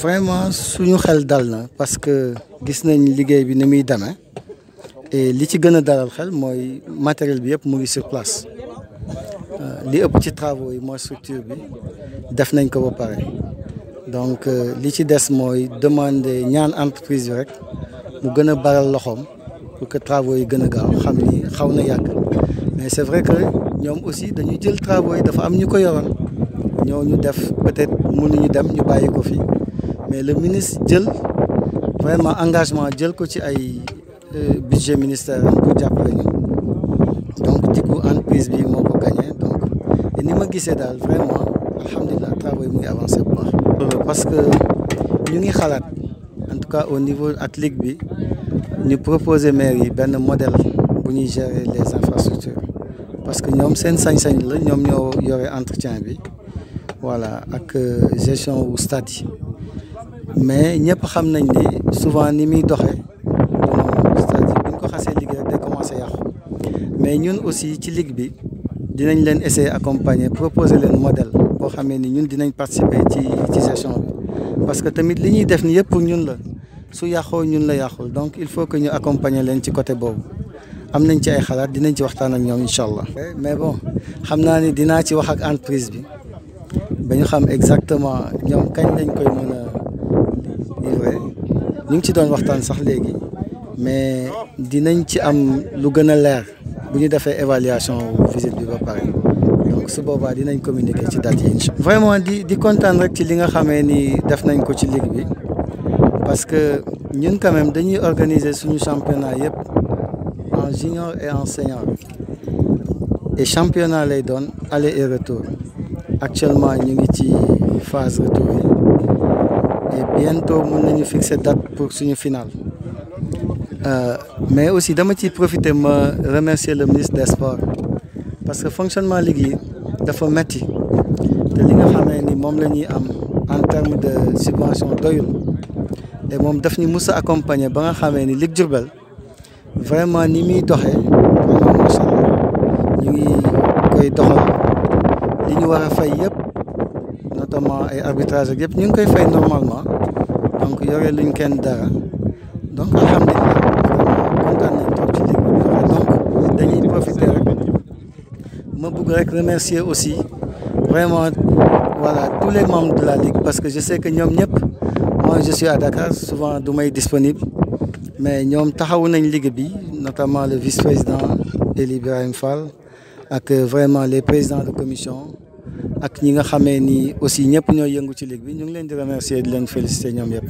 vraiment suñu xel dal na parce que gis nañ liggéey bi ni muy demee et li ci gën a dalal xel mooy matériel bi yëpp mu ngi sur place euh, li ëpp ci travaux yi mooy structure bi def nañ ko ba pare donc euh, li ci des mooy demander ñaan entreprise bi rek mu gën a baral loxoom pour que travaux yi gën a gaaw xam ni xaw na yàgg mais c'est vrai que ñoom aussi dañuy jël travaux yi dafa am ñu ko yoroon ñoo ñu def peut-être mënuñu dem ñu bàyyi ko fii mais le ministre jël vraiment engagement jël ko ci ay euh, budget ministère pour jàppale ñu donc di entreprise bi moo ko gagné donc ni ma gisee daal vraiment alhamdulilah travail mu ngi avancé bu baax. parce que ñu ngi xalaat en tout cas au niveau atlique bi ñu proposer maire yi benn modèle bu ñuy gérer les infrastructures parce que ñoom seen sañ-sañ la ñoom ñoo yore entretien bi voilà ak euh, gestion wu stade mais ñëpp xam nañ ni souvent ni muy doxe c'est-à-dire ko xasee liggéey rek day commencé yàqu mais ñun aussi ci ligue bi dinañ leen essayer accompagner proposer leen modèle boo xamee ni ñun dinañ participer ci ci gestion bi parce que tamit li ñuy def ni yëpp ñun la su yàqoo ñun la yàqul donc il faut que ñu accompagner leen ci côté boobu am nañ ci ay xalaat dinañ ci waxtaan ak ñoom incha allah. mais bon xam naa ni dinaa ci wax ak entreprise bi ba xam exactement ñoom ñu ngi ci doon waxtaan sax léegi mais dinañ ci am lu gën a leer bu ñu defee évaluation visite bi ba pare donc su boobaa dinañ communiquer ci date yi incha vraiment di di kontaan rek ci li nga xamee ni def nañ ko ci ligue bi parce que ñun quand même dañuy organiser suñu championnat yëpp en junior et en senior et championnat lay doon aller et retour actuellement ñu ngi ci phase retour et bientôt mën nañu fixer date pour suñu finale euh, mais aussi dama ciy profiter ma remercier le ministre des sports parce que fonctionnement ligue dafa metti te li nga xamee ni moom la ñuy am en terme de subvention doyul et moom daf ñu mus a accompagner ba nga xamee ni ligue Diourbel vraiment ni muy doxee vraiment macha allah ñu ngi koy doxal li ñu war a fay yëpp. notamment ay arbitrage ak yëpp ñu koy fay normalement donc yore luñ kenn dara donc alhamdulilah kontaan nañ trop ci liggéey donc dañuy profiter rek ma bëgg rek remercier aussi vraiment voilà tous les membres de la ligue parce que je sais que ñoom ñëpp moi je suis à Dakar souvent du may disponible mais ñoom taxawu nañ ligue bi notamment le vice-président Eli Ibrahim Fall ak vraiment les présidents de commission ak ñi nga xamee ni aussi ñëpp ñooy yëngu ci ligue bi ñu ngi leen di remercier di leen féliciter ñoom yëpp.